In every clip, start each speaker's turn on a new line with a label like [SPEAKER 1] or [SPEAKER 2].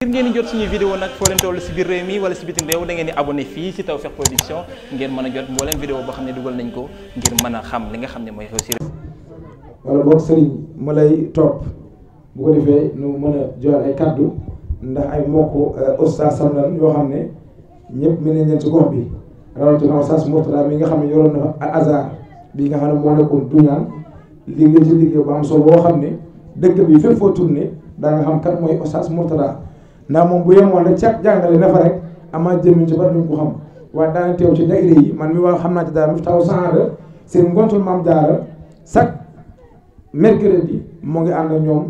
[SPEAKER 1] ngir ngeen di jot suñuy vidéo nag foo leen toll si biir réew mi wala si bitim réew da ngeen di abonné fii si Tawfekh Production ngeen mën a jot mbooleem vidéo boo xam ne dugal nañ ko ngir mën a xam li nga xam ne mooy xew si réew
[SPEAKER 2] wala boog sëriñ ma kàddu ndax ay mbokk euh, oustaz yoo xam ne ñëpp mel si gox bi rawatina oustaz Mourtada mi nga xam ne yoroon na al azar nga xam ne moo nekkoon duñaan liggéey ci liggéey bu am solo boo xam ne dëkk bi fépp foo tourné daa nga xam kat mooy oustaz Mourtada ndax moom bu yemoon na caq jàngale na fa rek amaa jëmmiñ ci bari duñ ko xam waaye daana teew ci daayira yi man mi waa xam naa ci daara Miftahul Sahada seen ngontul maam jaara chaque mercredi moo ngi ànd ñoom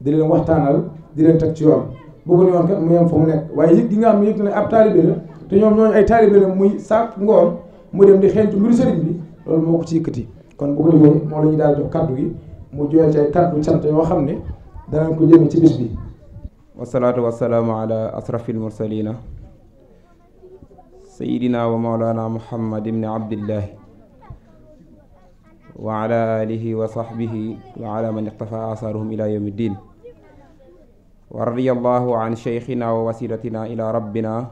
[SPEAKER 2] di leen waxtaanal di teg ci yoon bu ko yoon kat mu yem fa mu nekk waaye yëg gi nga xam ne yëg ne ab taalibe la te ñoom ñooñu ay muy saak ngoon mu dem di xeeñtu mbiru sëriñ bi loolu moo ko ci yëkkati kon bu ko defee moo la ñuy daal jox kaddu gi mu joxe ci ay kaddu cant yoo xam ne danañ ko jëmee ci bis bi
[SPEAKER 1] wasalaatu wasalaamu ala asrafil mursalina wa maulana muhammad ibni abdillahi wa ala wa sahbihi wa ala man iqtafa asaarahum ila yawmi ddin wa radiyallahu an cheikhina wa wasilatina ila rabbina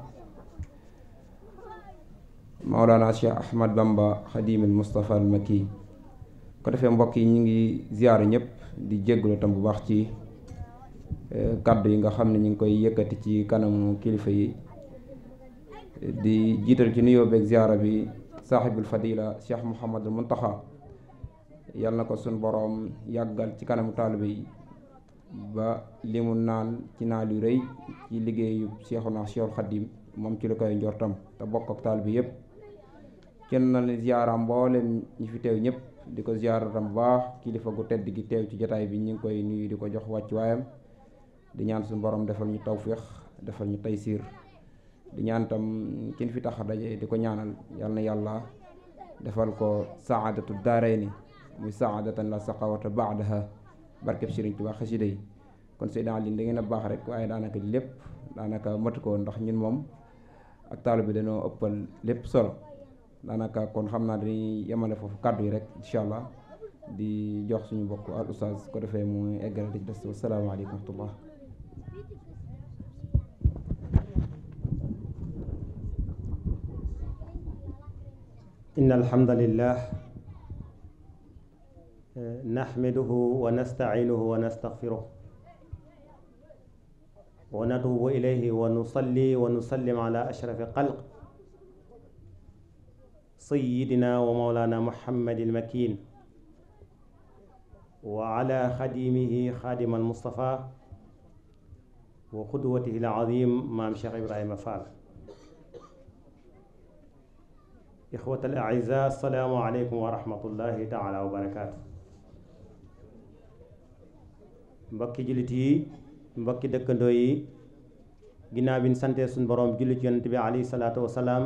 [SPEAKER 1] maulana cheikh ahmad bamba xadim al mustapha al makki ko defee mbokk yi ñu ngi ziyaara ñëpp di jéggulu tam bu baax ci Eh, kàddu yi nga xam ne ñu ngi koy yëkkati ci kanamu kilifa yi di jiital ci nuyoo beeg ziara bi saaxibul fadila cheikh mouhamadul taxa yàlla na ko suñ boroom yàggal ci kanamu taalibe yi ba li mu naal ci naa yu rëy ci liggéeyu cheikhuna cheikh xadim moom ci lu koy njortam te bokk ak taalibe yëpp kenn na leen ziara mboolem ñi fi teew ñëpp di ko ziaratam baax kilifa gu tedd gi teew ci jataay bi ñu ngi koy nuyu di ko jox wàcc waayam di ñaan suñu borom defal ñu tawféex defal ñu taysiir di ñaan tam kin fi tax daje di ko ñaanal yal na yàlla defal ko saadatu daarayni muy saadatan la saqawata baadaha barkeb Sëriñ Tuubaa xasida yi kon Seydina Aliou da ngeen a baax rek waaye daanaka lépp daanaka matu ko ndax ñun moom ak taalu bi dañoo ëppal lépp solo daanaka kon xam naa dañuy yemale foofu kàddu yi rek incha allah di jox suñu mbokk al oustaz ko defee mu eggale di des wasalaamaaleykum wa
[SPEAKER 3] إن الحمد لله نحمده ونستعينه ونستغفره ونتوب إليه ونصلي ونسلم على أشرف قلق سيدنا ومولانا محمد المكين وعلى خديمه خادم المصطفى wa xudwatihi l azim maam Cheikh Ibrahima Fall ixwata al aiza asalaamu wa rahmatullahi taala wa barakaatu mbokki jullit yi mbokki dëkkandoo yi ginnaaw bi ñu santee suñu boroom jullit yonent bi alayhi salaatu wasalaam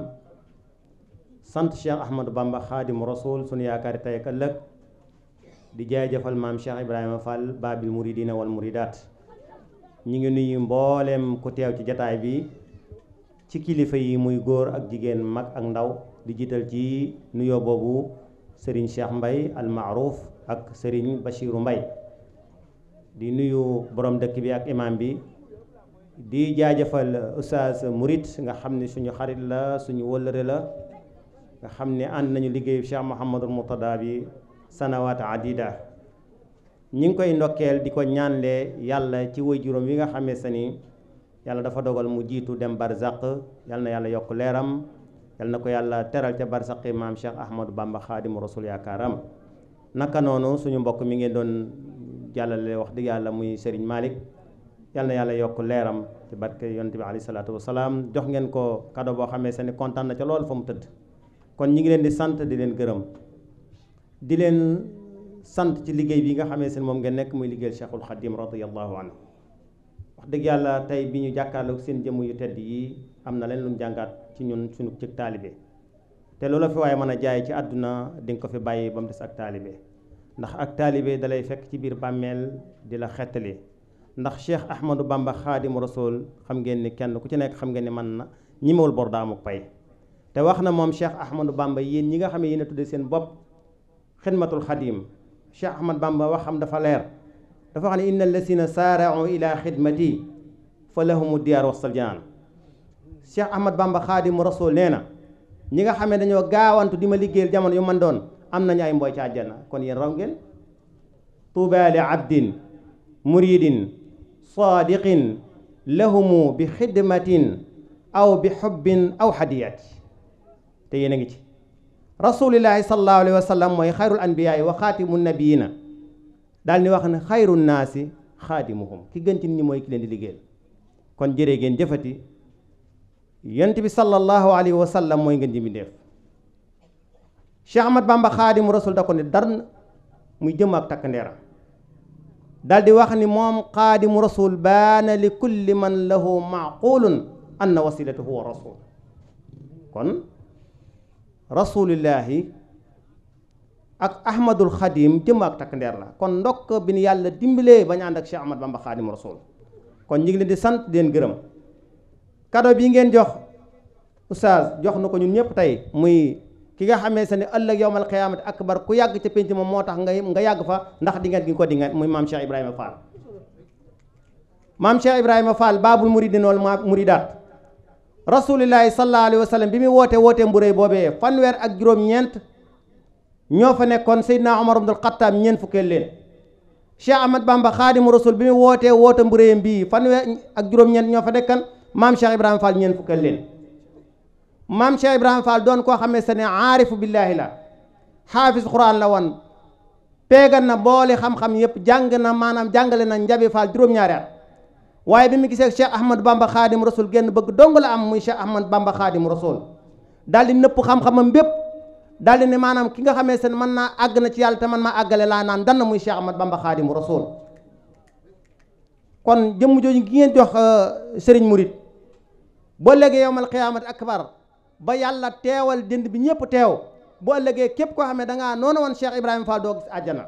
[SPEAKER 3] sant Cheikh Ahmadou Bamba xaadimu rasul suñu yaakaari tey ëllëg di jaajëfal maam Cheikh Ibrahima Fall baabil muridina wal muridaat ñi ngi nuyu mbooleem ku teew ci jataay bi ci kilifa yi muy góor ak jigéen mag ak ndaw di jiital ci nuyoo boobu sëriñ Cheikh Mbay al ak sëriñ Bachiru Mbay di nuyu boroom dëkk bi ak imam bi di jaajëfal Oustaz Murit nga xam ne suñu xarit la suñu wëllëre la nga xam ne ànd nañu liggéeyu Cheikh Mouhamadul Murtada bi sanawaat adida ñi ngi koy ndokkeel di ko ñaanle yàlla ci way juróom yi nga xamee sa ni yàlla dafa dogal mu jiitu dem barzaq yàlla na yàlla yokk leeram yàlla na ko yàlla teral ca barzaqi maam Cheikh Ahmadou Bamba xaadimu rasul yaakaaram naka noonu suñu mbokk mi ngeen doon jàllale wax dëgg yàlla muy Serigne malik yàlla yàlla yokk leeram ci barke yonte bi alayhi salaatu wasalaam jox ngeen ko kado boo xamee sa ni kontaan na ca loolu fa mu tëdd kon ñi ngi leen di sant di leen gërëm di leen sant ci liggéey bi nga xamee seen moom nga nekk muy liggéeyal Cheikhul Khadim radiyallahu anhu wax dëgg yàlla tey bi ñu jàkkaarloog seen jëmm yu tedd yi am na leen lu jàngaat ci ñun suñu cëg taalibe te loola fi waaye mën a jaay ci àdduna di ko fi bàyyi ba mu des ak taalibe ndax ak taalibe dalay fekk ci biir bàmmeel di la xettali ndax Cheikh Ahmadou Bamba Xaadimu Rasuul xam ngeen ni kenn ku ci nekk xam ngeen ni mën na ñi ñimewul bor daamuk pay te wax na moom Cheikh Ahmadou Bamba yéen ñi nga xam ne yéen tuddee seen bopp xidmatul xadim Cheikh Ahmad Bamba wax xam dafa leer dafa xam ne inna allasina saarau ila xidmati fa lahumu diyaar wasal janaan Cheikh Ahmad Bamba xaadimu rasul nee na ñi nga xamee dañoo gaawantu di ma liggéeyal jamono yu man doon am nañu ay mboy ci àjjana kon yéen raw ngeen tuuba li abdin muridin saadiqin lahumu bi xidmatin aw bi xubbin aw hadiyati te yéen a ngi ci rasulillahi sallallahu alayhi wa sallam mooy xayrul anbiyaay wa xaatimu nabiyina daal di wax ne xayru naasi xaadimuhum ki gën ci nit ñi mooy ki leen di liggéeyal kon jëree ngeen jëfati yent bi sallallahu alayhi wa sallam mooy ngeen ji bi def Cheikh Ahmad xaadimu rasul da ko ne dar muy jëm ak takk ndeeram dal di wax ni moom xaadimu rasul baana li kulli man lahu maaqulun anna wasilatuhu wa rasul kon rasulillahi ak ahmadul xadim jëm ak takk ndeer la kon ndokk bi nu yàlla dimbalee bañ ànd ak Cheikh Ahmad Bamba xaadim rasul kon ñu ngi leen di sant di leen gërëm kado bi ngeen jox oustaz jox na ko ñun ñëpp tey muy ki nga xamee sa ne ëllëg yowmal ak akbar ku yàgg ca pénc moom moo tax nga nga yàgg fa ndax di ngeen gi ko di muy maam Cheikh Ibrahima Fall maam Cheikh Ibrahima Fall baabul muridin wal muridaat rasulillahi sallallahu alayhi wa sallam bi muy woote woote mburéy boobee fanweer ak juróom-ñeent ñoo fa nekkoon Seydina Omar ibnul Xattaab ñeent fukkeel leen Cheikh Ahmad Bamba xaadimu rasul bi muy wootee woote mburéyam bii fanweer ak juróom-ñeent ñoo fa nekkan maam Cheikh Ibrahima Fall ñeent fukkeel leen maam Cheikh Ibrahima Fall doon koo xamee sa ne aarifu billaahi la xaafis quran la woon peegan na boole xam-xam yëpp jàng na maanaam jàngale na nja Fall juróom waaye bi mu gisee Cheikh Ahmad Bamba Xaadim Rasul genn bëgg dong la am muy Cheikh Ahmad Bamba Xaadim Rasul daal di nëpp xam-xamam bépp daal di ne maanaam ki nga xamee seen man naa àgg na ci yàlla te man maa àggale laa naan dan na muy Cheikh Ahmad Bamba Xaadim Rasul kon jëmm jooju gi ngeen jox euh, Serigne Murit boo léegi yowmal qiyaamati akbar ba yàlla teewal dënd bi ñëpp teew boo ëllëgee képp koo xam ne da ngaa noonu woon Cheikh Ibrahima Fall doo gis àjjana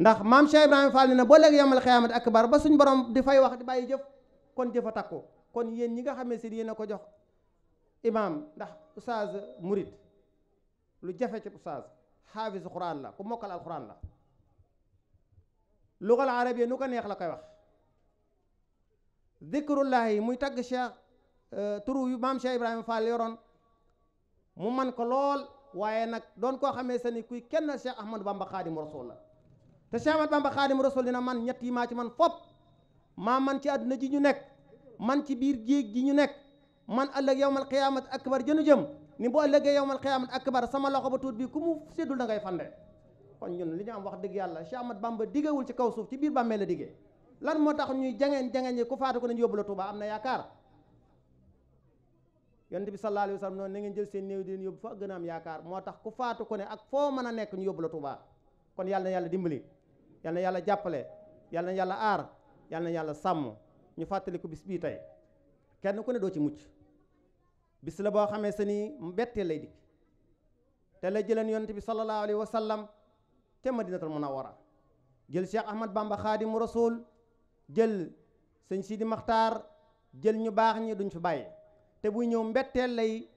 [SPEAKER 3] ndax maam Cheikh Ibrahima Fall na boo léegi yamal ak akbar ba suñ borom di fay wax di bàyyi jëf kon jëfa takku kon yéen ñi nga xamee si yéen a ko jox imaam ndax oustaz murit lu jafe ci oustaz xaafis xuraan la ku mokkal alxuraan la lugal arabiya nu ko neex la koy wax yi muy tagg cheikh euh, turu yu maam Cheikh Ibrahima Fall yoroon mu man ko lool waaye nag doon koo xamee sa ni kuy kenn Cheikh Ahmadou Bamba Xaadimu Rasuul la te Cheikh Ahmad Bamba Xaadim Rasul dina man ñett yi maa ci man fop maa man ci àdduna ji ñu nekk man ci biir géej gi ñu nekk man ëllëg yowmal xiyaamat akbar jënu jëm ni bu ëllëgee yowmal xiyaamat akbar sama loxo ba tuut bi ku mu séddul da ngay fande kon ñun li ñu am wax dëgg yàlla Cheikh Ahmad Bamba diggewul ci kaw suuf ci biir bàmmee la diggee lan moo tax ñuy jangeen jangeen yi ku faatu ko nañ yóbbu la Tuuba am na yaakaar yonent bi sallallahu alayhi wa sallam noonu ngeen jël seen néew di leen yóbbu fa am yaakaar moo tax ku faatu ko ne ak foo mën a ñu yóbbu la kon yàlla yàlla dimbali yal yàlla jàppale yàlla na yàlla aar yal yàlla sàmm ñu fàttali ko bis bii tey kenn ku ne doo ci mucc bis la boo xamee se ni mbetteel lay dikk te la jëleen yonent bi sallallahu alayhi wa sallam ca madinatul munawwara jël Cheikh Ahmad Bamba xaadimu rasul jël sëñ Sidi Maxtaar jël ñu baax ñi duñ fi bàyyi te buy ñëw mbetteel lay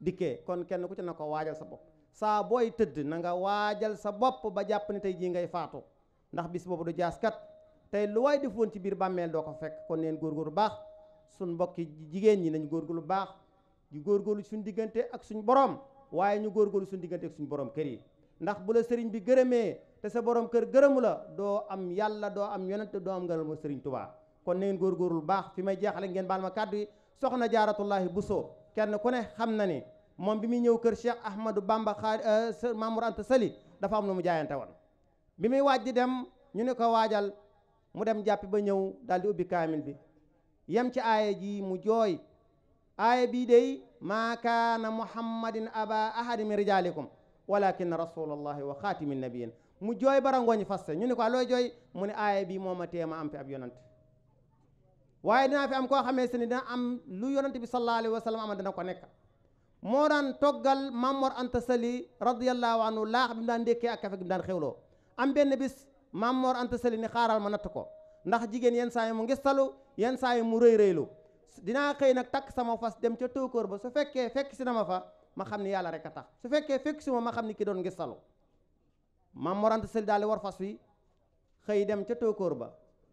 [SPEAKER 3] dikkee kon kenn ku ci na ko waajal sa bopp saa booy tëdd na nga waajal sa bopp ba jàpp ne tey jii ngay faatu ndax bis boobu du jaaskat tey lu waay def woon ci biir bàmmeel doo ko fekk kon neen góorgóorlu baax suñ mbokki jigéen ñi nañu góor nañ góorgóorlu baax ñu góorgóorlu suñ diggante ak suñ borom waaye ñu góorgóorlu suñ diggante ak suñ borom kër yi ndax bu la sëriñ bi gërëmee te sa borom kër gërëmu la doo am yàlla doo am yonent doo am ngërëm sëriñ tubaa kon neen góorgóorlu baax fi may jeexale ngeen baal ma kàddu yi soxna jaaratullaahi Buso kenn ku ne xam na ni moom bi muy ñëw kër Cheikh Ahmadou Bamba xaar euh, Mamour Anta Sali dafa am lu mu jaayante woon bi muy waaj di dem ñu ne ko waajal mu dem jàppi ba ñëw daldi ubbi kaamil bi yem ci aaya ji mu jooy aaya bii dey maa kaana muhammadin aba ahadi min rijaalikum walakin rasulallahi wa xaatimi nabiyin mu jooy bara ngooñ faste ñu ne ko looy jooy mu ne aaya bii moo ma teema am fi ab yonant waaye dinaa fi am koo xamee se ni dina am lu yonant bi sallallahu alayhi wa sallam ko nekk moo daan toggal Mamor Anta Sali radiyallahu anhu laax bi mu daan ndékkee ak kafe am benn bis maam Mor Anta Sali ni xaaral ma natt ko ndax jigéen yenn saa yi mu ngistalu yenn saa yi mu rëy rëylu dinaa xëy nag takk sama fas dem ca tóokóor ba su fekkee fekk si na ma fa ma xam ni yàlla rek a tax su fekkee fekk si ma ma xam ni ki doon ngistalu maam Mor Anta Sali di war fas wi xëy dem ca tóokóor ba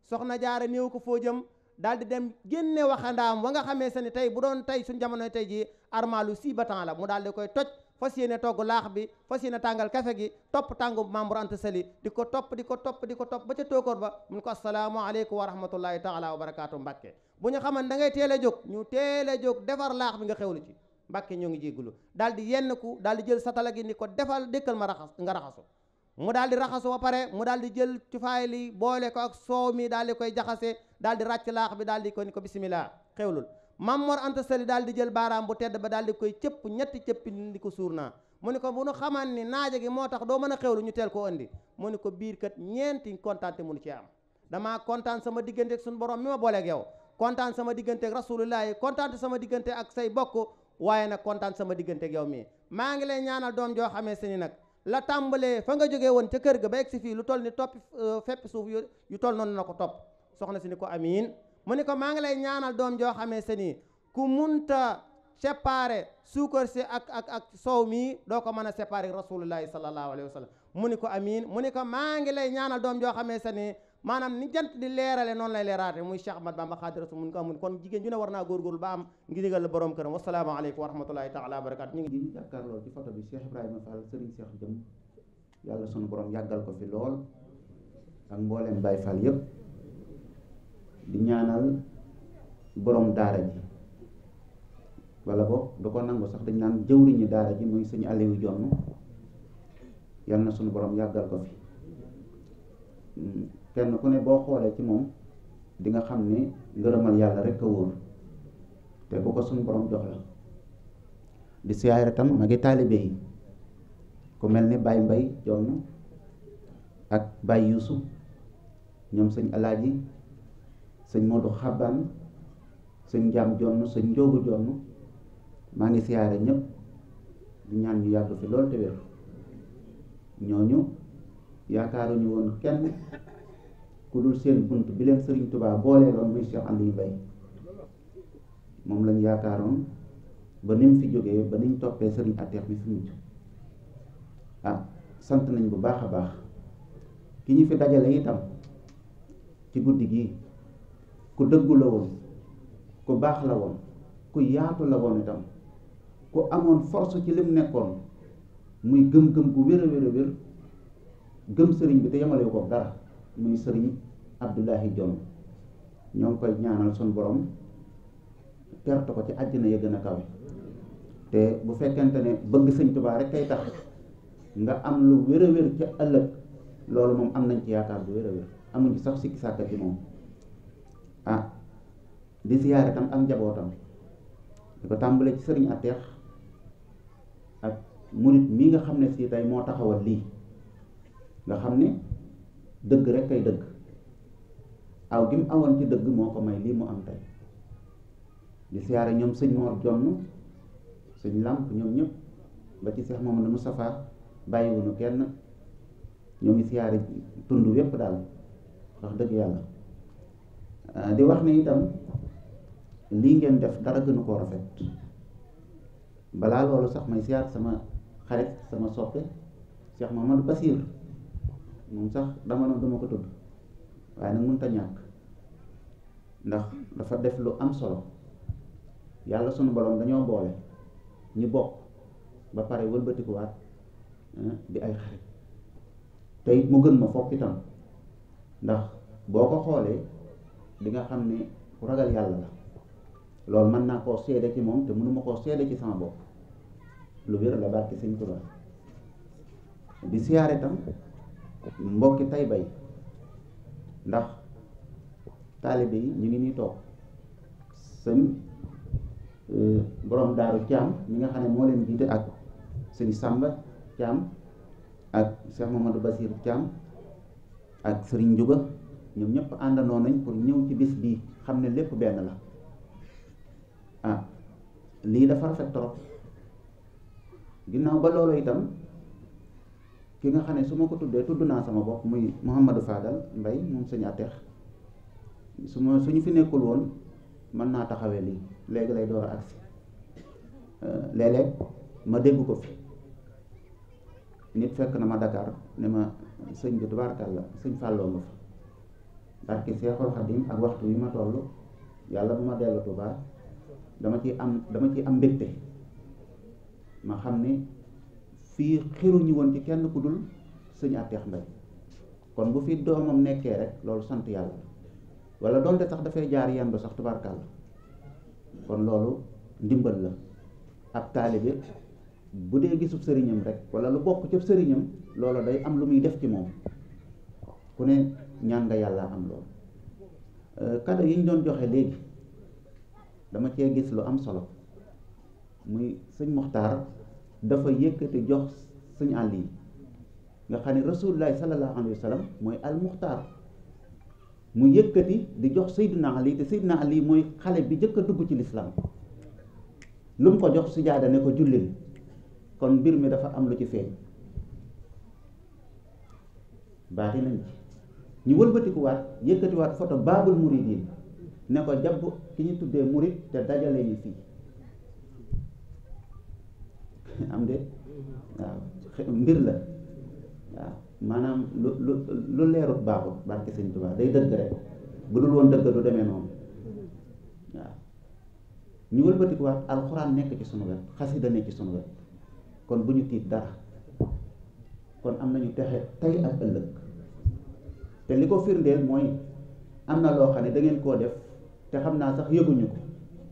[SPEAKER 3] soxna jaare néew ko foo jëm daal di dem génne waxandaam wa nga xamee sa ni tey bu doon tey suñ jamonoy tey ji armaalu si batan la mu daal di koy toj fas yéene togg laax bi fas yéene tàngal kafe gi topp tàngu membre ante sali di ko topp di ko topp di ko topp ba ca tóokóor ba mun ko asalaamaaleykum wa rahmatullahi taala wa barakaatu mbàkke bu ñu xaman da ngay teel a jóg ñu teel a jóg defar laax bi nga xewlu ci mbàkke ñoo ngi jéggulu daal di yenn ku daal di jël satala gi ni ko defal dékkal ma raxas nga raxasu mu daal di raxasu ba pare mu daal di jël cufaay li boole ko ak soow mi daal koy jaxase daal di ràcc laax bi daal di ko ni ko bisimilaa xewlul Maam Mor Anta Sali daal di jël baaraam bu tedd ba daal di koy cëpp ñetti cëppi di ko suur naa mu ni ko bu nu xamaan ni naaje gi moo tax doo mën a xewlu ñu teel koo indi mu ni ko biir kat ñeenti kontaante munu ci am damaa kontaan sama diggante ak suñu borom mi ma booleeg yow kontaan sama diggante ak rasulullah yi kontaan sama diggante ak say bokk waaye nag kontaan sama diggante ak yow mii maa ngi lay ñaanal doom joo xamee se ni nag la tàmbalee fa nga jógee woon ca kër ga ba si fii lu toll ni topp euh, fépp suuf yu toll noonu na ko topp soxna si ni ko amiin mu ni ko maa ngi lay ñaanal doom joo xamee se nii ku munta séparé suukar si ak ak ak soow mii doo ko mën a séparé rasulullahi sallallahu alayhi wa sallam mu ni ko amiin mu ni ko maa ngi lay ñaanal doom joo xamee se nii maanaam ni di leerale noonu lay leeraate muy Cheikh Ahmad Bamba Xaadimu Rasuul ko jigéen ju ne war naa góorgóorlu ba am ngi digal borom këram wasalaamaaleykum wa rahmatullahi taala wa barakaatu ñu ngi jàkkaarloo ci photo bi Cheikh Ibrahima Fall Serigne Cheikh Jëm
[SPEAKER 4] yàlla sunu borom yàggal ko fi lool ak mbooleem Baye Fall yëpp di ñaanal borom daara ji walla boog du ko nangu sax dañ naan jëwriñu daara ji muy suñu Aliou Jonn yal na suñu borom yàggal ko fi kenn ku ne boo xoolee ci moom di nga xam ne ngërëmal yàlla rek a wóor te ku ko suñu borom jox la di siyaare tam magi taalibe yi ku mel ni Baye Mbay Jonn ak Baye Yuusu ñoom sëñ Alaaji sëñ Modou Xaban sëñ Njaam Jonn sëñ Njóogu Jonn maa ngi siyaare ñëpp di ñaan ñu yàgg fi loolu te wér ñooñu yaakaaruñu woon kenn ku dul seen bunt bi leen Sëriñ Tubaa boolee loon muy Cheikh Aliou Mbaye moom lañ yaakaaroon ba ni fi jógee ba niñ toppee sëriñ atteex mi fi mujj ah, sant nañ bu baax a baax ki ñu fi dajale itam ci guddi gii ku dëggu la woon ku baax la woon ku yaatu la woon itam ku amoon force ci lim nekkoon muy gëm-gëm gu wér a wér a wér gëm sëriñ bi te yemale ko dara muy sëriñ Abdoulahi Diome ñoo ngi koy ñaanal sun borom terte ko ci àjjana ya gën a kawe te bu fekkente ne bëgg sëñ Tuubaa rek kay tax nga am lu wér a wér ca ëllëg loolu moom am nañ ci yaakaar bu wér a wér amuñ ci sax sikki sàkka ci moom di ziyaare tam ak njabootam di ko tàmbale ci sëriñ Ateex ak murit mii nga xam ne si tay moo taxawal lii nga xam ne dëgg rek kay dëgg aw gi mu awoon ci dëgg moo ko may lii mu am tey di ziyaare ñoom sëñ Mor Jonn sëñ Làmp ñoom ñépp ba ci Seex moom Mamadu Mustafaa bàyyiwuñu kenn ñoo ngi siyaare tund wépp daal wax dëgg yàlla di wax ne itam lii ngeen def dara gënu koo rafet balaa loolu sax may siyaar sama xarit sama soppe Cheikh man Basir moom sax dama noonu dama ko tudd waaye nag mënut ñàkk ndax dafa def lu am solo yàlla sunu borom dañoo boole ñi bokk ba pare wëlbatikuwaat eh, di ay xarit tey mu gën ma fopp itam ndax boo ko xoolee di nga xam ne ku ragal yàlla la loolu mën naa koo seede ci moom te mënuma koo seede ci sama bopp lu wér la barke sëñ Tuubaa di siyaare tam mbokki tay bay ndax taalibe yi ñu ngi nii toog sëñ euh, borom daaru Thiam mi nga xam ne moo leen jiite ak sëñ Samba Thiam ak Cheikh Mamadou Basir Thiam ak sëriñ Njuga ñoom ñëpp àndandoo nañ pour ñëw ci bis bii xam ne lépp benn la lii dafa rafet trop ginnaaw ba loolu itam ki nga xam ne su ma ko tuddee tudd naa sama bopp muy Mouhamadou Fadal mbay moom sëñ Atex su ma su ñu fi nekkul woon mën naa taxawee lii léegi lay door a agsi euh, léeg ma dégg ko fi nit fekk na ma Dakar ne ma sëñ bi la sëñ fàlloo nga fa barki Seexul Xadim ak waxtu wi ma toll yàlla bu ma dellu Tuubaa dama ci am dama ci am mbégte ma xam ni fii xiruñu woon ci kenn ku dul sëñ Atex Mbay kon bu fi doomam nekkee rek loolu sant yàlla wala doonte sax dafay jaar yendu sax tubarkàlla kon loolu ndimbal la ab taalibe bu dee gisub sëriñam rek wala lu bokk ca sëriñam loolu day am lu muy def ci moom ku ne ñaan nga yàlla am loolu kado euh, yi doon joxe léegi dama cee gis lu am solo muy sëñ Muxtaar dafa yëkkati jox sëñ àll yi nga xam ne rasulullah sallallahu alayhi wa sallam mooy al Muxtaar mu yëkkati di jox Seydina Ali te Seydina Ali mooy xale bi jëkk a dugg ci lislaam lu mu ko jox sujaada ne ko jullil kon mbir mi dafa am lu ci feeñ baaxi nañ ci ñu wëlbatikuwaat yëkkatiwaat photo baabul muridin ne ko jàpp ki ñu tuddee murit te dajale ñu fii am de waaw mbir la waaw maanaam lu lu lu leerut baaxul barke sëñ Tuubaa day dëgg rek bu dul woon dëgg du demee noonu waaw ñu wëlbatikuwaat alxuraan nekk ci sunu wet xasida nekk ci sunu wet kon bu ñu tiit dara kon am nañu texe tey ak ëllëg te li ko firndeel mooy am na loo xam ne dangeen koo def te xam naa sax yëguñu ko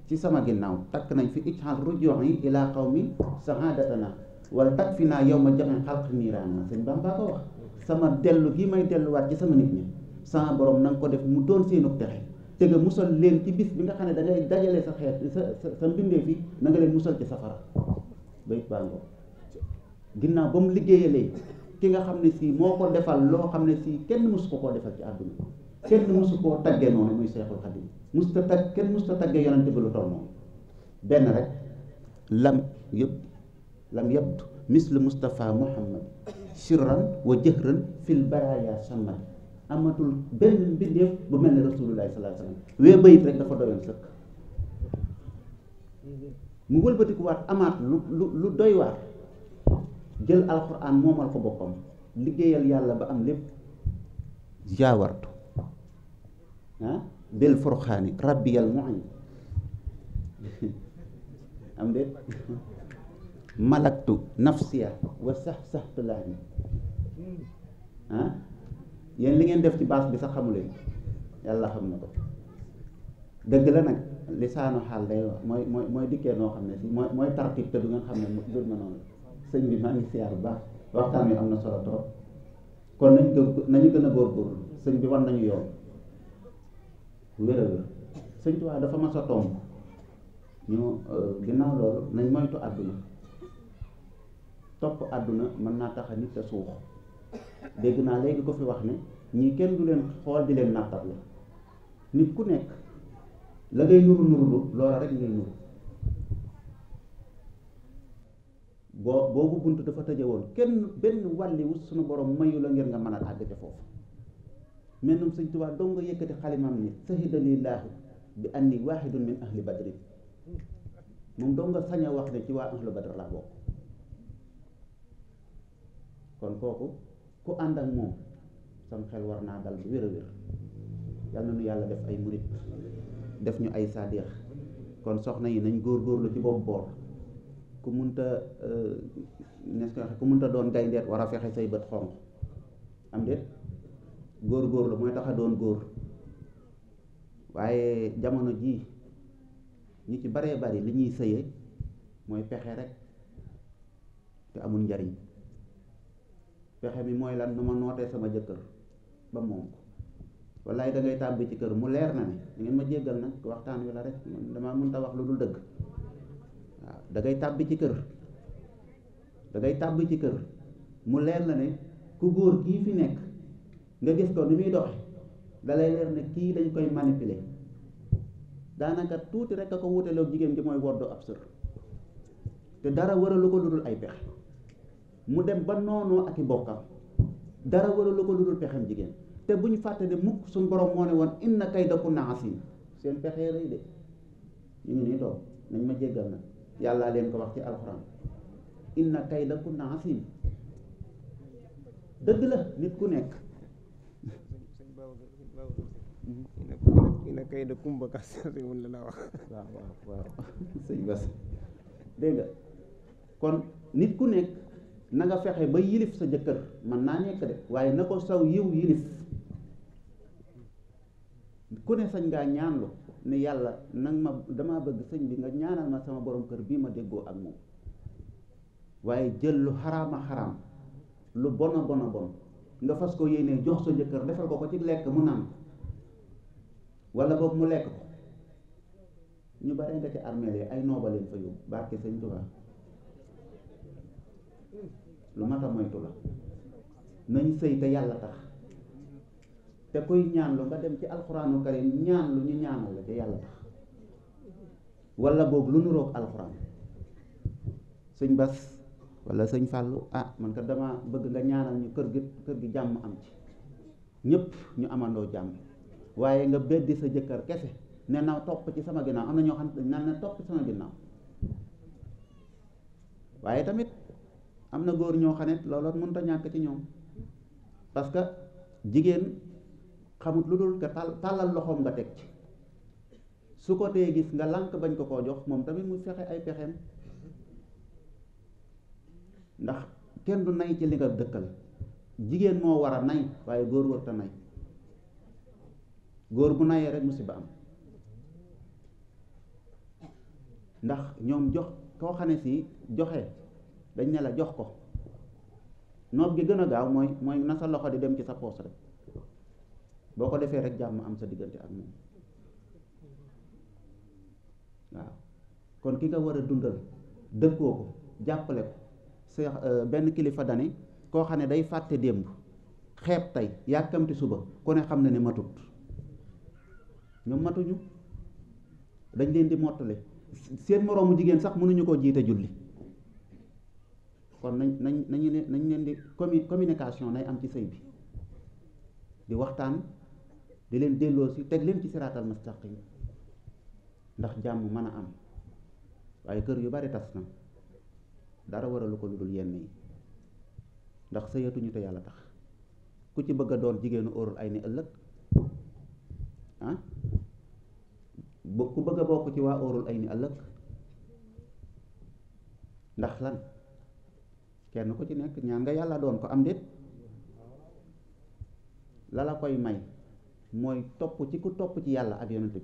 [SPEAKER 4] ci sama ginnaaw takk nañ fi ijxal rujox yi ilaa xaw mi sahadatana wala takk fi naa yow ma joxe xalq niiraana sëñ Bamba ko wax sama dellu gi may delluwaat ci sama nit ñi sama borom na nga ko def mu doon seenu texe te nga musal leen ci bis bi nga xam ne da ngay dajale sa xeet sa sa mbindee fi na nga leen musal ci safara bayit baa ngoo ginnaaw ba mu liggéeyalee ki nga xam ne sii moo ko defal loo xam ne sii kenn mosu ko koo defal ci àdduna kenn mosu koo taggee noonu muy seexul xadim musta tag kenn musta taggee yonente bi lu toll noonu benn rek lam yëpp lam yabdu misle Moustapha Muhammad sirran wa jëhran fil baraya sammat amatul benn mbindeef bu mel ne rasulullahi sallallahu alayhi wasallam wee bayit rek dafa doyoon sëkk mu wëlbatiku waat amaat lu lu lu doy waar jël alquran moomal ko boppam liggéeyal yàlla ba am lépp jaawartu ah bil furxaani rabbiyal muin am de malaktu nafsiya wa sax saxtu laani ah yéen li ngeen def ci baas bi sax xamuleen yàlla xam na ko dëgg la nag lisaanu xaal day wax mooy mooy mooy dikkee noo xam ne si mooy mooy tartib te du ngeen xam ne jur a noonu sëñ bi maa ngi siyaar bu baax waxtaan wi am na solo trop kon nañu gën nañu gën a góorgóorlu sëñ bi war nañu yoon wéral la sëñ Tuubaa dafa mas a tomb ñu euh, ginnaaw loolu nañ moytu àdduna topp àdduna mën naa tax a nit a suux dégg naa léegi ko fi wax ne ñii kenn du leen xool di leen nattable nit ku nekk la ngay nuru nurulu loola rek ngay nuru boo boobu bunt dafa tëje woon kenn benn wàlliwu suñu borom mayu la ngir nga mën a àgg ca foofu mennum sëñ Tuubaa dong nga yëkkati xalimaam ni sahidanillaahu bi anni waahidun min ahli badri moom dong nga sañ wax ne ci waa ahlu badr laa bokk kon kooku ku ànd ak moom sam xel war naa dal bu wér a wér yal nu yàlla def ay murit def ñu ay saadix kon soxna yi nañ góorlu ci boobu boor ku munta euh, nes ko waxe ku munta doon gayndeet war a fexe say bët xonq am déet góor góor la mooy tax a doon góor waaye jamono jii ñu ci baree bari li ñuy sëye mooy pexe rek te amul njariñ pexe mi mooy lan nu ma nootee sama jëkkër ba moom ko wallaay da tàbbi ci kër mu leer na ne da ngeen ma jéggal nag waxtaan wi la rek damaa mënta wax lu dul dëgg waaw da ngay tàbbi ci kër dangay ngay tàbbi ci kër mu leer na ne ku góor kii fi nekk nga gis ko ni muy doxe da lay leer ne kii dañ koy manipuler daanaka tuuti rek a ko wuuteloog jigéen ji mooy woddu ab sër te dara waralu ko lu dul ay pexe mu dem ba noonoo ak i bokkam dara waralu ko lu dul pexem jigéen te bu ñu fàtte mukk suñu borom moo ne woon inna kaydakunna asiim seen pexe rëy de ñu ngi nii toog nañ ma jéggal nag yàllaa leen ko wax ci alxuraan inna kaydakunna asiim dëgg la nit ku nekk
[SPEAKER 3] ina ina kay ka sari wun la la dégg kon
[SPEAKER 4] nit ku nekk na nga fexe ba yilif sa jëkkër man naa nekk de waaye na ko saw yiw yilif ku ne sañ ngaa ñaanlu ne yàlla nag ma damaa bëgg sëñ bi nga ñaanal ma sama borom kër bii ma déggoo ak moom waaye jël lu xaraama xaraam lu bona a bon nga fas ko yéenee jox sa jëkkër defal ko ko ci lekk mu naan wala boog mu lekk ko ñu bare nga ci armeel yi ay nooba leen fa yóbbu barke sëñ Tuubaa lu mat a moytu la nañ sëy te yàlla tax te kuy ñaan lu nga dem ci alxuraanu karim ñaan lu ñu ñaanal la te yàlla tax wala boog lu nurook roog alxuraan sëñ Bas walla sëñ Fàllu ah man ka dama bëgg nga ñaanal ñu kër gi kër gi jàmm am ci ñépp ñu amandoo jàmm waaye nga beddi sa jëkkër kese ne na topp ci sama ginnaaw am na ñoo xam ne na na topp ci sama ginnaaw waaye tamit am na góor ñoo xam ne loolu a ñàkk ci ñoom parce que jigéen xamut lu dul que tàllal loxoom nga teg ci su ko tee gis nga lànk bañ ko koo jox moom tamit mu fexe ay pexeem ndax kenn du nay ci li nga dëkkal jigéen moo war a nay waaye góor warut a nay góor bu nayee rek musiba am ndax ñoom jox koo xam ne si joxe dañ ne la jox ko noob gi gën a gaaw mooy mooy na sa loxo di dem ci sa poos rek boo ko defee rek jàmm am sa diggante ak moom waaw kon ki nga war a dundal dëkkoo ko jàppale ko seex euh, benn kilifa dane koo xam ne day fàtte démb xeeb tey yàkkamti suba ku ne xam na ne matut ñoom matuñu dañ leen di mottale seen moroomu jigéen sax mënuñu koo jiite julli kon nañ nañ nañ leen di commu communication nay am ci sëy bi di waxtaan di leen delloosi teg leen ci siraatal mustaqim ndax jàmm mën a am waaye kër yu bari tas na dara waralu ko lu dul yenn yi ndax sëyatuñu te yàlla tax ku ci bëgg a doon jigéenu óorul ay ni ëllëg ah ba ku bëgg a bokk ci waa óorul ay ni ëllëg ndax lan kenn ku ci nekk ñaan nga yàlla doon ko am déet la la koy may mooy topp ci ku topp ci yàlla ak yonent bi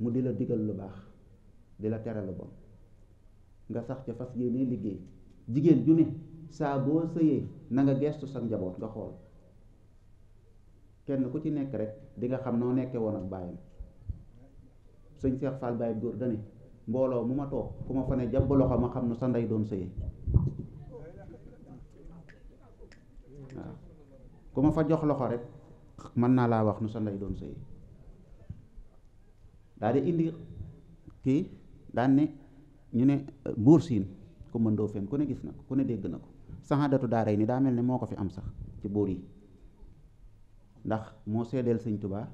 [SPEAKER 4] mu di la digal lu baax di la tere lu bon nga sax ca fas yéene liggéey jigéen ju ne saa boo sëyee na nga gestu sa njaboot nga xool kenn ku ci nekk rek di xam noo nekkee woon ak bàyyam sëñ Cheikh Fall Baye Góor dane mbooloo mu ma toog ku ma fa ne jàpp loxo ma xam ne sa ndey doon sëyee
[SPEAKER 5] waaw
[SPEAKER 4] jox loxo rek mën naa laa wax nu sa ndey doon sëyee daal indi kii daan ne ñu ne euh, buur siin ku mën doo fen ku ne gis na ko ku ne dégg na ko saxaadatu daaray ni daa mel ne moo ko fi am sax ci buur yi ndax moo seedeel sëñ tubaa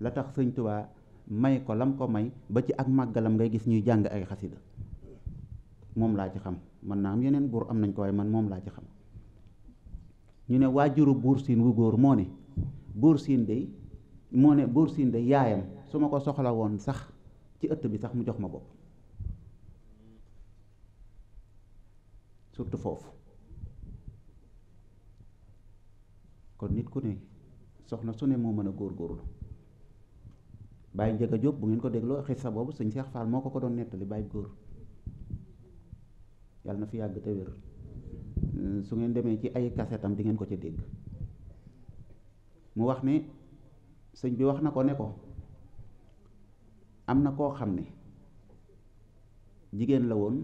[SPEAKER 4] la tax sëñ tubaa may ko lam ko may ba ci ak màggalam ngay gis ñuy jàng ay xasida moom laa ci xam man naa am yeneen buur am nañ ko waaye man moom laa ci xam ñu ne waajuru buur siin wu góor moo ne buur siin day moo ne buur siin day yaayam su ma ko soxla woon sax ci ëtt bi sax mu jox ma bopp surtout foofu kon nit ku ne soxna su ne moo mën a góor góorgóorlu bàyyi njëga jóob bu ngeen ko dégloo xissa boobu sëñ Seex Faal moo ko ko doon nettali bàyyi góor yàlla na fi yàgg te wér mm, su ngeen demee ci ay kasetam di ngeen ko ca dégg mu wax ni sëñ bi wax na ko ne ko am na koo xam ne jigéen la woon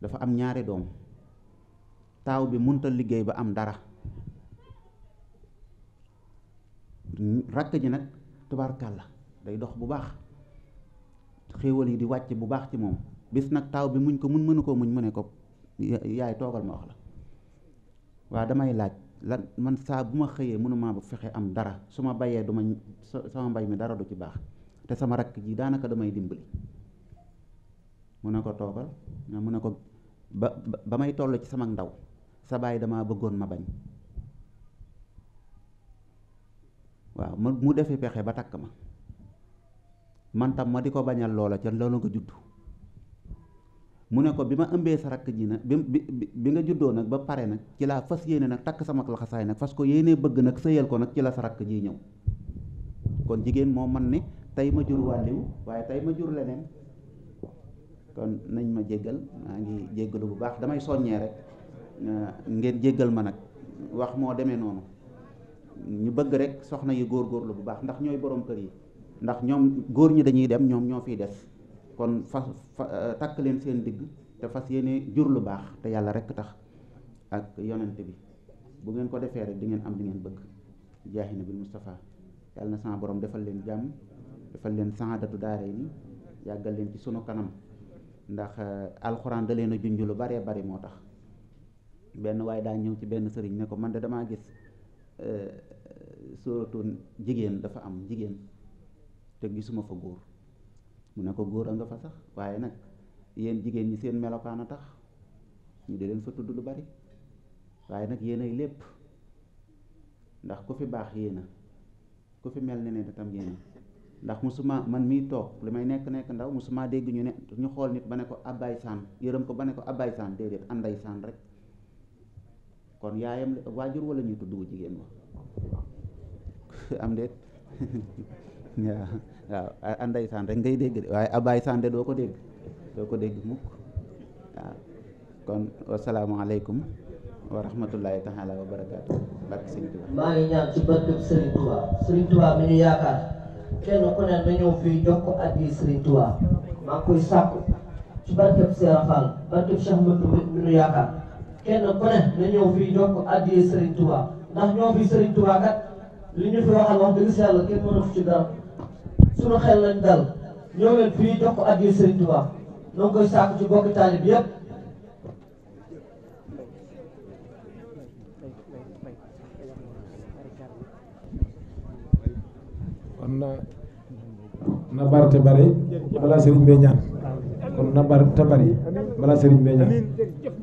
[SPEAKER 4] dafa am ñaari doom taaw bi munta liggéey ba am dara rakk ji nag la day dox bu baax xéewal yi di wàcc bu baax ci moom bis nag taaw bi muñ ko mun mënu koo muñ mu ne ko yaay toogal ma wax la waa damay laaj lan man saa bu ma xëyee mënuma ba fexe am dara su ma bayee du ma sama mbay mi dara du ci baax te sama rakk ji daanaka damay dimbali mu ne ko toogal nga mu ne ko ba ba may toll ci sama ndaw sa baay damaa bëggoon ma bañ waaw man mu defi pexe ba takk ma man tam ma di ko bañal loola ca loola nga judd mu ne ko bi ma ëmbee sa rakk ji nag bi bi nga juddoo nag ba pare nag ci laa fas yéene nag takk sama laxasaay nag fas ko yéene bëgg nag sëyal ko nag ci la sa rakk ji ñëw kon jigéen moo man ne tey ma jur wàlliw waaye tey ma jur leneen kon nañ ma jéggal maa ngi jéggalu bu baax damay soññee rek ngeen jéggal ma nag wax moo demee noonu ñu bëgg rek soxna yi góorgóorlu bu baax ndax ñooy boroom kër yi ndax ñoom góor ñi dañuy dem ñoom ñoo fiy des kon fas euh, takk leen seen digg te fas yéene jur lu baax te yàlla rek tax ak yonent bi bu ngeen ko defee rek di ngeen am di ngeen bëgg jaahi nabil Mustafa yàlla na sama boroom defal leen jàmm defal leen saadatu daara daare ni yàggal leen ci sunu kanam ndax euh, alxuraan da leen a junj lu baree bari moo tax benn waaye daa ñëw ci benn sëriñ ne ko man de damaa gis Euh, suratu jigéen dafa am jigéen te gisuma fa góor mu ne ko góor a nga fa sax waaye nag yéen jigéen ñi seen melokaan a tax ñu di leen fa tudd lu bari waaye nag yéen ay lépp ndax ku fi baax yéena ku fi mel ne ne tam yéena ndax musuma man mii toog li may nekk nekk ndaw musuma dégg ñu ne ñu xool nit ba ne ko abay saan yërëm ko ba ne ko abay saan déedéet anday saan rek kon yaayam waajur wala ñuy tudd bu jigéen ma am déet waaw waaw anday saan rek ngay dégg de waaye abaay saan de doo ko dégg doo ko dégg mukk waaw kon wasalaamaaleykum wa rahmatullahi taala wa barakaatu
[SPEAKER 6] maa ngi ñaan ci barkeb Sëriñ Tuubaa Sëriñ ñu yaakaar kenn ku ne na ñëw fii jox ko addi Sëriñ Tuubaa maa koy sàkku ci barkeb Seera Fall barkeb Cheikh Moutou mi ñu yaakaar kenn ku ne na ñëw fii yokk
[SPEAKER 3] addiyee Serigne Touba ndax ñoo fi Serigne Touba kat li ñu fi waxal wax dëgg si yàlla kenn mënu ci dara suñu xel lañ dal ñoo leen jox ko addiyee Serigne Touba ñoo ngi koy sàkk ci bokki taalib yépp
[SPEAKER 2] kon na
[SPEAKER 5] na bar bari balaa Serigne Mbaye ñaan kon na bar
[SPEAKER 2] bari balaa Serigne Mbaye ñaan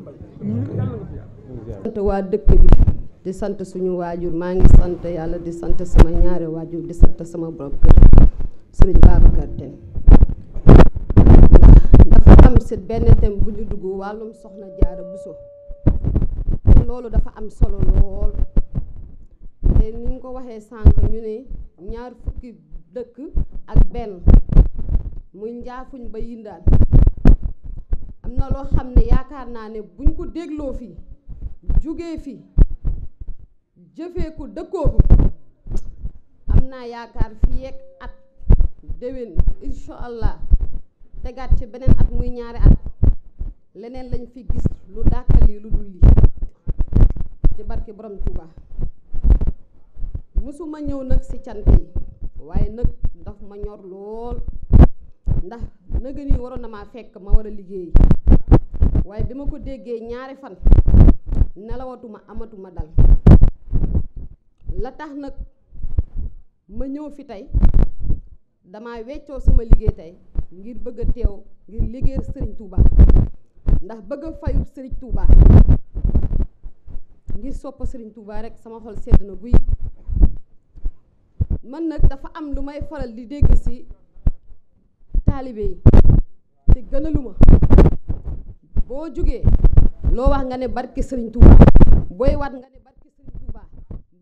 [SPEAKER 2] Mmh. Mmh.
[SPEAKER 6] sant waa dëkk bi di sant suñu waajur maa ngi sant yàlla di sant sama ñaari waajur di sant sama borom kër sëriñ Babacar Deme dafa am si benn thème bu ñu dugg wàllum soxna jaara Buso loolu dafa am solo lool te ni ñu ko waxee sànq ñu ne ñaar fukki dëkk ak benn muy njaafuñ ba yindaan am na loo xam ne yaakaar naa ne buñ ko dégloo fi jugee fi jëfee ko dëkkoo am naa yaakaar fi yeeg at déwén incha allah tegaat ci beneen at muy ñaari at leneen lañ fi gis lu dàkkali lu dul lii ci barki borom Touba mësuma ñëw nag si cant yi waaye nag daf ma ñor lool ndax nëgë nii waroon na maa fekk ma war a liggéey waaye bi ma ko déggee ñaari fan nelawatuma amatuma dal la tax nag ma ñëw fi tey dama weccoo sama liggéey tey ngir bëgg a teew ngir liggéey Serigne Touba ndax bëgg a fayu Serigne Touba ngir sopp Serigne Touba rek sama xol sedd na guy man nag dafa am lu may faral di dégg si taalibe yi te gënaluma boo jugee loo wax nga ne barki Serigne Touba booy wat nga ne barki Serigne Touba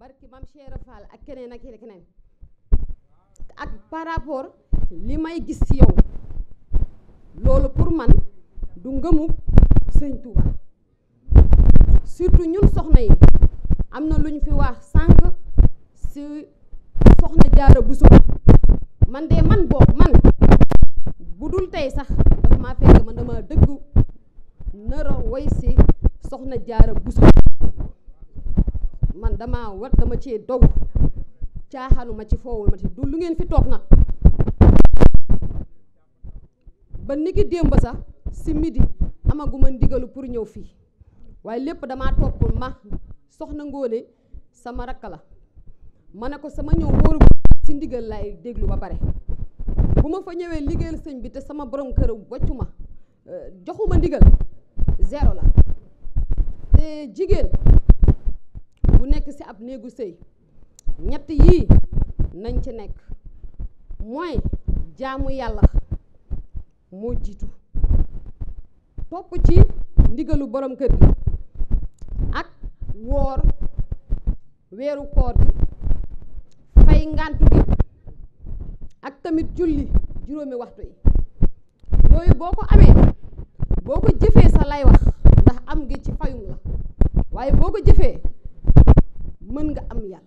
[SPEAKER 6] barki Mame Cheikh Fall ak keneen ak keneen ak par rapport li may gis ci yow loolu pour man du ngëmu Serigne Touba surtout ñun soxna yi am na lu ñu fi wax sànq ci soxna Jaara Bousso man de man boobu man bu dul tey sax dafa maa fekk man dama dëggu nara woy si soxna jaara buso man dama wat dama cee dogu caaxaanu ma ci foowul ma ci du lu ngeen fi toog na ba niki démb sax si midi amaguma ndigalu pour ñëw fii waaye lépp damaa topp ma soxna ngóone sama rakk la ma ne ko sama ñëw wóoru si ndigal lay déglu ba pare bu ma fa ñëwee liggéeyal sëñ bi te sama boroom kër waccu ma euh, joxuma ndigal zéro la te jigéen bu nekk ci ab néegu sëy ñett yii nañ ci nekk mooy jaamu yàlla moo jiitu topp ci ndigalu boroom kër gi ak woor weeru koor gi fay ngantu gi ak tamit julli juróomi waxtu yi yooyu boo ko amee boo ko jëfee sa lay wax ndax am nga ci fayum la waaye boo ko jëfee mën nga am yàlla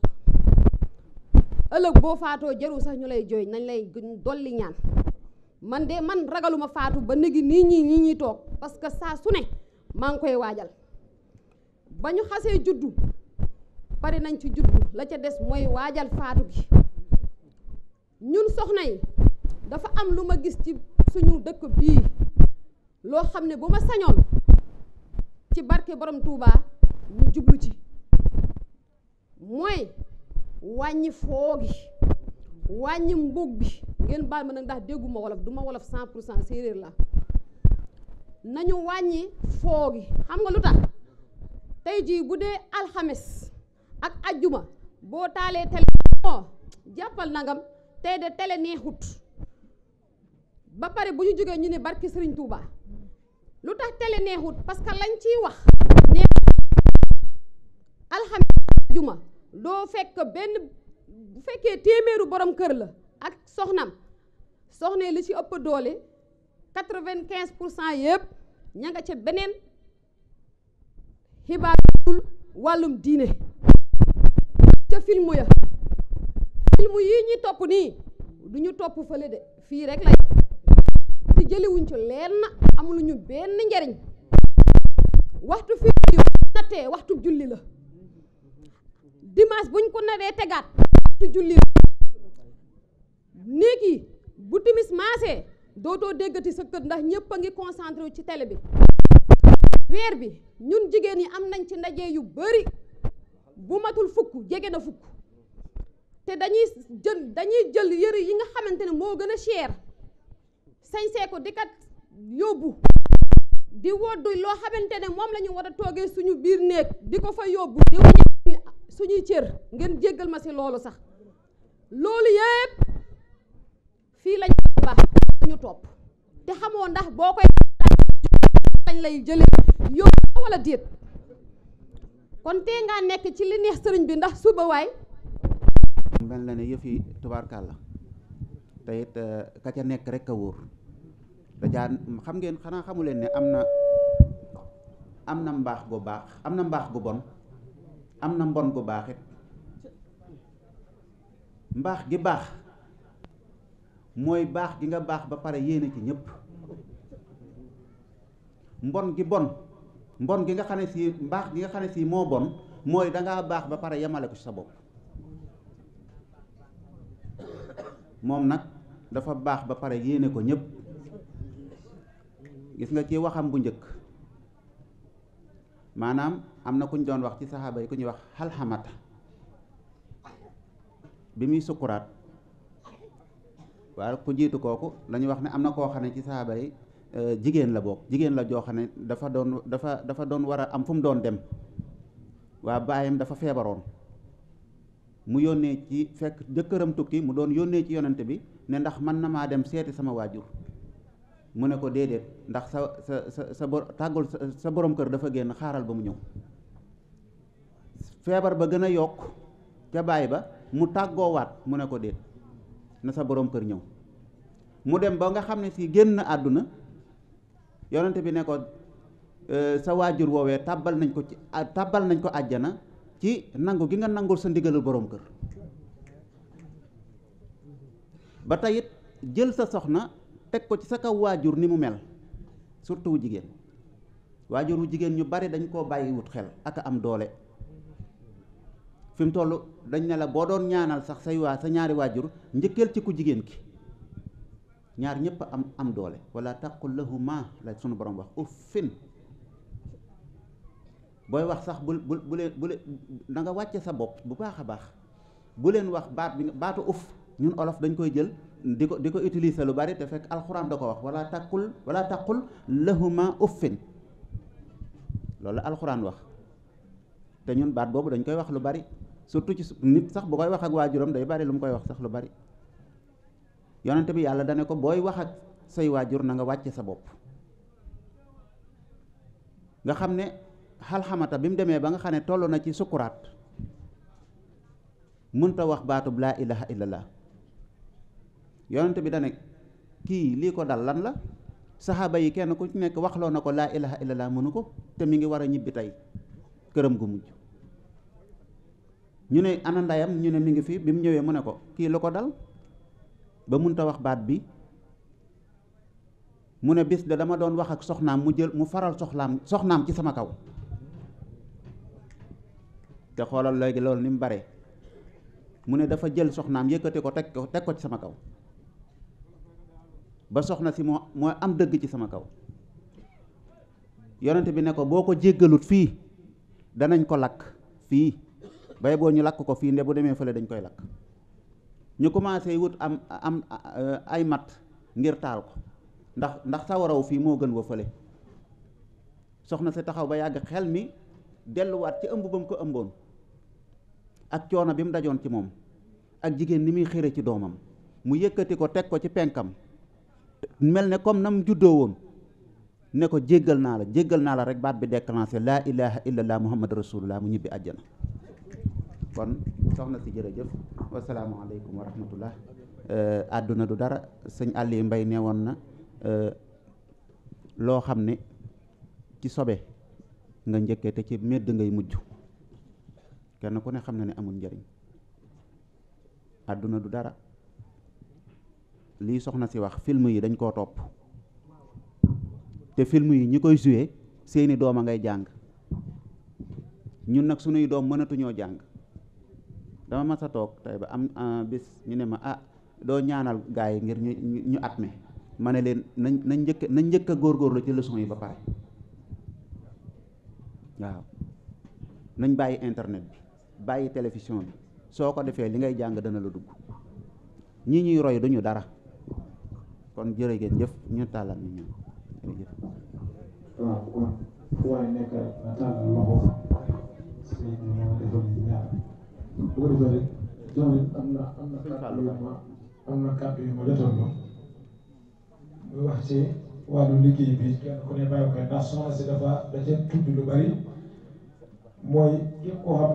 [SPEAKER 6] ëllëg boo faatoo jarul sax ñu lay jooy nañ lay dolli ñaan man de man ragaluma faatu ba néegi nii ñi ñi ñuy toog parce que saa su ne maa ngi koy waajal ba ñu xasee juddu pare nañ ci juddu la ca des mooy waajal faatu gi ñun soxna yi dafa am lu ma gis ci suñu dëkk bii loo xam ne bu ma sañoon ci barke borom Touba ñu jublu ci mooy wàññi foogi wàññi mbóog bi ngeen baal ma nag ndax dégguma wolof du ma wolof cent pour cent séeréer la nañu wàññi foogi xam nga lu tax tey jii bu dee alxames ak ajjuma boo taalee télé jàppal nangam tey de tele neexut ba pare bu ñu jógee ñu ne barki Sëriñ Tuuba lu tax télé neexut parce que lañ ciy wax neex alxames juma doo fekk benn bu fekkee téeméeru borom kër la ak soxnam soxna li ci ëpp doole quatre-vingt-quinze pour cent yëpp ña nga ca beneen xibaar wàllum diine ca film ya mu yii ñuy topp nii du ñu topp fële de fii rek la ci jëliwuñ ci lenn amuluñu benn njariñ waxtu film yi waxtu julli la dimaas buñ ko naree tegaat ci julli la néeg yi bu timis maasee dootoo déggati sa kët ndax ñëpp a ngi concentré wu ci télé bi weer bi ñun jigéen ñi am nañ ci ndaje yu bari bu matul fukk jege na fukk te dañuy jël dañuy jël yére yi nga xamante ne moo gën a cher sañsee ko di kat yóbbu di woddu loo xamante ne moom lañu ñu war a toogee suñu biir néeg di ko fa yóbbu di wàññi suñuy cër ngeen jéggal ma si loolu sax loolu yëpp fii lañ baax ñu topp te xamoo ndax boo koy lañ lay jëlee yóbbu wala déet kon tee ngaa nekk ci li neex sëriñ bi ndax suba waay
[SPEAKER 4] mel na ne yëfi yi la te euh, ka ca nekk rek a wóor te xam ngeen xanaa xamu leen ne am na am na mbaax gu baax am na mbaax gu bon am na mbon gu baax mbaax gi baax mooy baax gi nga baax ba pare yéene ci ñépp mbon gi bon mbon gi nga xam ne si mbaax gi nga xam ne si moo bon mooy dangaa baax ba pare yemale ko ci sa bopp moom nag dafa baax ba pare yéene ko ñépp gis nga ci waxam bu njëkk maanaam am na kuñ doon wax ci saxaaba yi ku ñuy wax xalxamata bi muy sukkuraat waaye ku jiitu kooku dañuy wax ne am na koo xam ne ci saxaaba yi euh, jigéen la bokk jigéen la joo xam ne dafa doon dafa dafa doon war a am fu mu doon dem waa baayam dafa feebaroon mu yónnee ci fekk jëkkëram tukki mu doon yónnee ci yonante bi ne ndax man na maa dem seeti sama waajur mu ne ko déedéet ndax sa sa sa sa tàggul sa borom kër dafa génn xaaral ba mu ñëw feebar ba gën a yokk ca baay ba mu tàggoowaat mu ne ko déet na sa borom kër ñëw mu dem ba nga xam ne si génn àdduna yonante bi ne ko euh, sa waajur woowee tàbbal nañ ko ci tàbbal nañ ko àjjana ci nangu gi nga nangul sa ndigalul boroom kër ba tey it jël sa soxna teg ko ci sa kaw waajur ni mu mel surtout wu jigéen waajur wu jigéen ñu bari dañ koo bàyyi wut xel ak am doole fi mu toll dañ ne la boo doon ñaanal sax say waa sa ñaari waajur njëkkeel ci ku jigéen ki ñaar ñëpp am am doole wala taqul lahuma la sunu borom wax uffin booy wax sax bul bul bu leen bu na nga wàcce sa bopp bu baax a baax bu leen wax baat bi baatu uf ñun olof dañ koy jël di ko di ko utiliser lu bari te fekk alxuraan da ko wax wala taqul wala taqul lahuma uffin loolu alxuraan wax te ñun baat boobu dañ koy wax lu bari surtout ci nit sax bu koy wax ak waajuram day bari lu mu koy wax sax lu bari yonent bi yàlla dane ko booy wax ak say waajur na nga wàcce sa bopp nga xam ne xalxamata bi mu demee ba nga xam ne toll na ci sukuraat mënta wax baatub laa ilaha illallah yonent bi da ne kii lii ko dal lan la saxaaba yi kenn ku ci nekk waxloo na ko laa ilaha illallah mënu ko te mi ngi war a ñibbi tey këram gu mujj ñu ne ana ndayam ñu ne mi ngi fii bi mu ñëwee mu ne ko kii lu ko dal ba mënta wax baat bi mu ne bis de dama doon wax ak soxnaam mu jël mu faral soxlaam soxnaam ci sama kaw te xoolal léegi loolu ni mu bare mu ne dafa jël soxnaam yëkkate ko teg ko teg ko ci sama kaw ba soxna si moo mooy am dëgg ci sama kaw yonent bi ne ko boo ko jéggalut fii danañ ko lakk fii bay boo ñu lakk ko fii nde bu demee fële dañ koy lakk ñu commencé wut am am euh, ay mat ngir taal ko ndax ndax sawaraw fii moo gën wa fële soxna si taxaw ba yàgg xel mi delluwaat ci ëmb ba mu ko ëmboon ak coono bi mu dajoon ci moom ak jigéen ni muy xëre ci doomam mu yëkkati ko teg ko ci penkam mel ne comme nam juddoo woon ne ko jéggal naa la jéggal naa la rek baat bi déclenché laa ilaha illallah muhammad rasulullah mu ñibbi àjjana kon soxna si jër jëf jërëjëf wasalaamualeykum wa rahmatullah euh, àdduna du dara sëñ Aliou Mbaye ne woon na euh, loo xam ne ci sobe nga njëkkee te ci medd ngay mujj kenn ku ne xam na ne amul njariñ àdduna du dara lii soxna si wax film yi dañ koo topp te film yi ñi koy joué seeni doom a ngay jàng ñun nag sunuy doom mënatuñoo jàng dama mas a toog tey ba am bis ñu ne ma ah doo ñaanal gars yi ngir ñu ñu at mi ma ne leen nañ nañ njëkk nañ njëkk a góorgóorlu ci leçon yi ba pare waaw nañ bàyyi internet bi bàyyi télévision bi soo ko defee li ngay jàng dana la dugg ñi ñuy roy duñu dara kon jërë jëf ñu tàllal ñu ñu
[SPEAKER 2] defoon ñaar bu ko defee rek jooni
[SPEAKER 4] am am na kàddu yu ma
[SPEAKER 2] am ma jotoon ma muy wax liggéey bi kenn ne bàyyi ko ndax soxna si dafa da ca lu bari mooy képp koo xam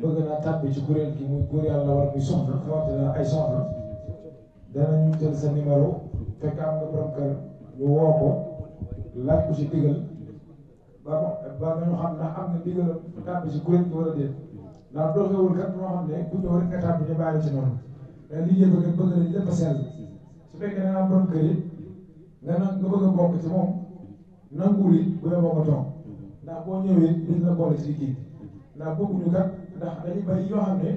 [SPEAKER 2] bëgg naa tàbbi ci kuréel gi muy góor yàlla wala muy soxna xamante ne ay soxna danañu jël sa numéro fekk am nga borom kër ko laaj ko ba ba nga ñu xam ndax am na digalam tàbbi ci kuréel gi wala déet ndax doxewul kat moo xam ne ku ñëw rek nga tàbbi ñu bàyyi ci noonu te li ngeen bëgg bëgg nañ lépp a sell su fekkee da ngaa borom kër yi nga na nga bëgg a bokk ci moom nanguwul it bu yeboo ko toog ndax boo ñëwee duñ la boole ci kii ndax bëgguñu kat. ndax dañuy bari yoo xam ne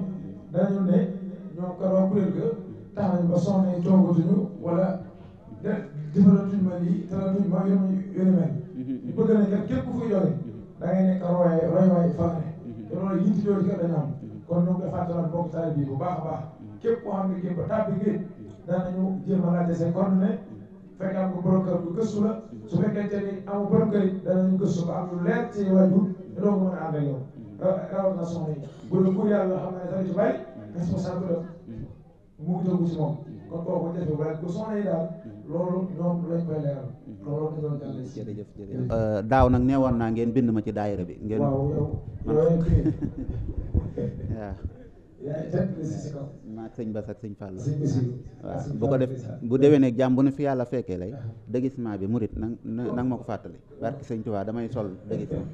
[SPEAKER 2] dañu ne ñoom kat waa kuréel ga tax nañ ba soxna yi toogatuñu wala de jëfalatuñ ma lii talatuñ ma yor yor mel. ñu mhm. bëgg nañ kat képp ku fi yore da ngay nekk royaay royaay fan ne mhm. te loolu yitte jooju kat dañu am mhm. kon ñoo ngi koy fàttaliwaat bokk taal bii bu baax a baax képp koo xam ne képp tàbbi ngeen danañu jéem a laajte seen coordonnées fekk am ko borom kër bu gëstu la su fekkente ni amu borom kër it danañu gëstu ba am lu leer ci waajur te doo ko mën a ànd ak yow rawat na soxna yi bu dul ku yàlla xam ne tamit ci bari responsable la mu ngi dugg ci moom kon kooku jafe ba ko soxna yi daal loolu ñoom lañ koy leeral loolu la ñu doon
[SPEAKER 4] jërëjëf jërëjëf daaw nag neewoon naa ngeen bind ma ci daayira bi ngeen waaw yow waaw maag sëñ Bass ak sëñ Fall waaw bu ko def bu déwénee jàmm bu nu fi yàlla fekkee lay déguisement bi murit nag nag ma ko fàttali barki sëñ Tuubaa damay sol déguisement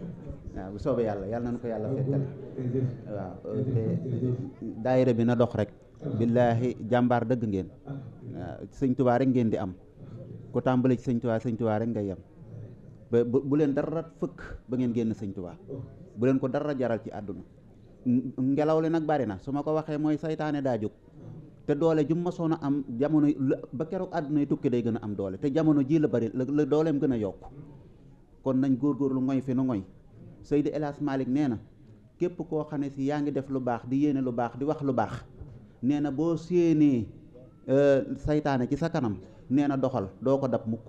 [SPEAKER 4] waaw bu soobee yàlla yàlla nañu ko yàlla fekkale waaw te daayira rek billaahi jàmbaar dëgg ngeen waaw rek ngeen di am tàmbali ci sëñ Tuubaa rek ngay yem ba bu leen dara fëkk ba ngeen génn sëñ Tuubaa bu leen ko dara jaral ci àdduna ngelaw li nag bari na su ma ko waxee mooy saytaane daa jóg te doole ju masoon a am jamono ba keroog àdduna yi tukki day gën a am doole te jamono jii la bari la dooleem gën a yokk kon nañ góorgóorlu ngoy fi nu ngoy Seydi El Hadji Malick nee na képp koo xam ne si yaa ngi def lu baax di yéene lu baax di wax lu baax nee na boo séenee euh, seytaane ci sa kanam nee na doxal doo ko dab mukk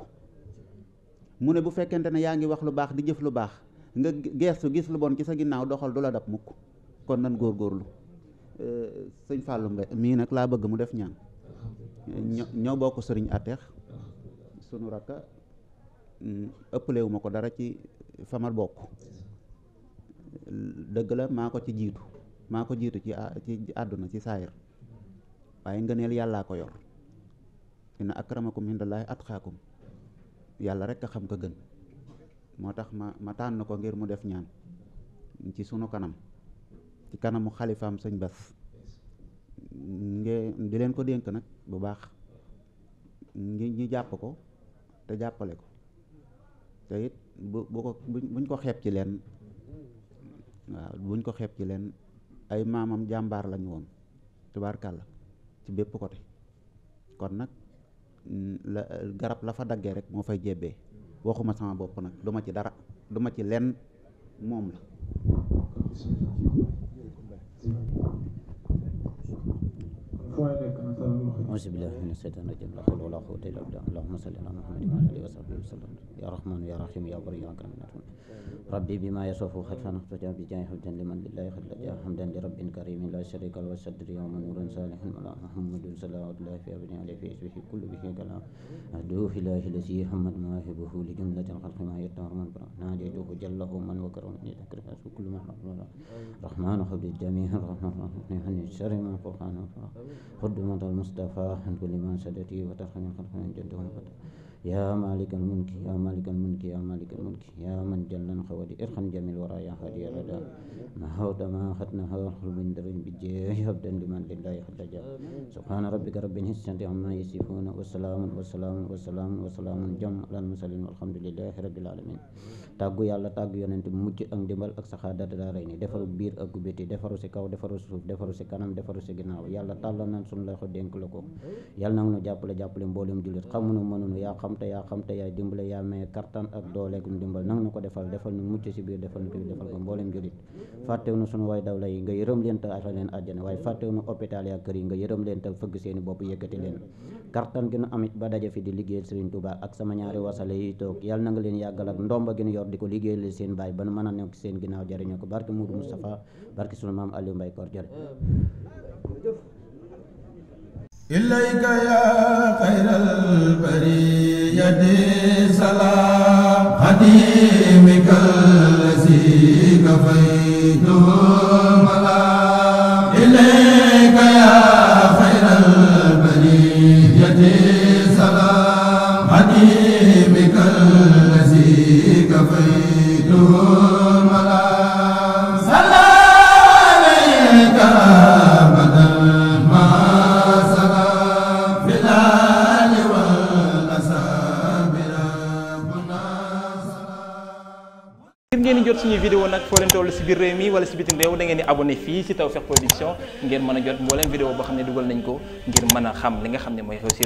[SPEAKER 4] mu ne bu fekkente ne yaa ngi wax lu baax di jëf lu baax nga geestu gis lu bon ci sa ginnaaw doxal du la dab mukk kon nan góorlu euh, sëñ fàllum Mbaye mii nag laa bëgg mu def ñaan ño ñoo bokk sëriñ Atex sunu rakka mm, ëppalewu ko dara ci fama bokk dëgg la maa ko ci jiitu maa ko jiitu ci ci àdduna ci saayir waaye ngëneel yàllaa ko yor inna akramakum indallahi atqaakum yàlla rek a xam ko gën moo tax ma ma tànn ko ngir mu def ñaan ci sunu kanam ci kanamu xalifaam sëñ bas ngeen di leen ko dénk nag bu baax ngi ñu jàpp ko te jàppale ko te it bu bu ko buñ ko xeeb ci leen waaw buñ ko xeeb ci leen ay maamam jàmbaar lañu woon tubaarkàlla ci bépp côté kon nag la garab la fa daggee rek moo fay jebbee waxuma sama bopp nag duma ci dara duma ci leen moom la Amen. auzu billaahi mina
[SPEAKER 5] shaytaani rajiim laa hawla wa laa quwwata illaa billaah allaahumma salli alaa muhammadin wa alaa aalihi wa sahbihi wa sallam yaa rahmaanu yaa rahiim yaa bariyyu yaa kariim rabbi bimaa yasuufu xatfan axtaja bi jaahi hamdan liman lillaahi xad lajaa hamdan li rabbin kariimin laa shariika lahu sadri yawma nuurun saalihin alaa muhammadin salawaatullaahi fi abadihi alayhi fi asbihi kulli bihi kalaam ahduhu ilaahi lazii hammat mawaahibuhu li jumlatil xalqi maa yataharaman naadaytuhu jalla man wa karamani takrifatu kullu man rahmaanu xabli jamii'an rahmaanu xani sharri man furqaanu xuddumatal المصطفى حمد لمن سدتي وترحم من خلق من جده وفتح يا مالك الملك يا مالك الملك يا مالك الملك يا من جل خوالي ارحم جميع الورى يا هادي الردى ما هود ما ختنا هرخل من در بجاه عبدا لمن لله حجا سبحان ربك رب العزة عما يصفون وسلام وسلام وسلام وسلام جم على المرسلين والحمد لله رب العالمين tàggu yàlla tàggu yonent bi mucc ak ndimbal ak saxaadata daaray ni defaru biir ak gubbiti defaru si kaw defaru si suuf defaru si kanam defaru si ginnaaw yàlla tàllal nañ suñu loxo dénk la ko yàlla nag nga yërëm leen te axal leen àjjana waaye fàttew nu hôpital yaa kër yi nga yërëm leen te fëgg seeni bopp yëkkati leen kartan gi nu amit ba daje fi di liggéeyal Sëriñ Tuubaa ak sama ñaari wasale yi toog yàlla na nga leen yàggal ak ndomba gi nu yor di ko liggéeyal seen baay ba nu mën a nekk seen ginnaaw jariñoo ko barke Moudou Moustapha barke sunu maam Aliou Mbaye Koor jërë
[SPEAKER 6] ilayka ya
[SPEAKER 2] xayral bariyati salaam xadimikal si kafaytu mala
[SPEAKER 1] biir réew mi wala si bitim réew da di abonné fii si Tawfekh Production ngeen mën a jot mbooleem vidéo boo xam ne dugal nañ ko ngir mën a xam li xam ne mooy réussir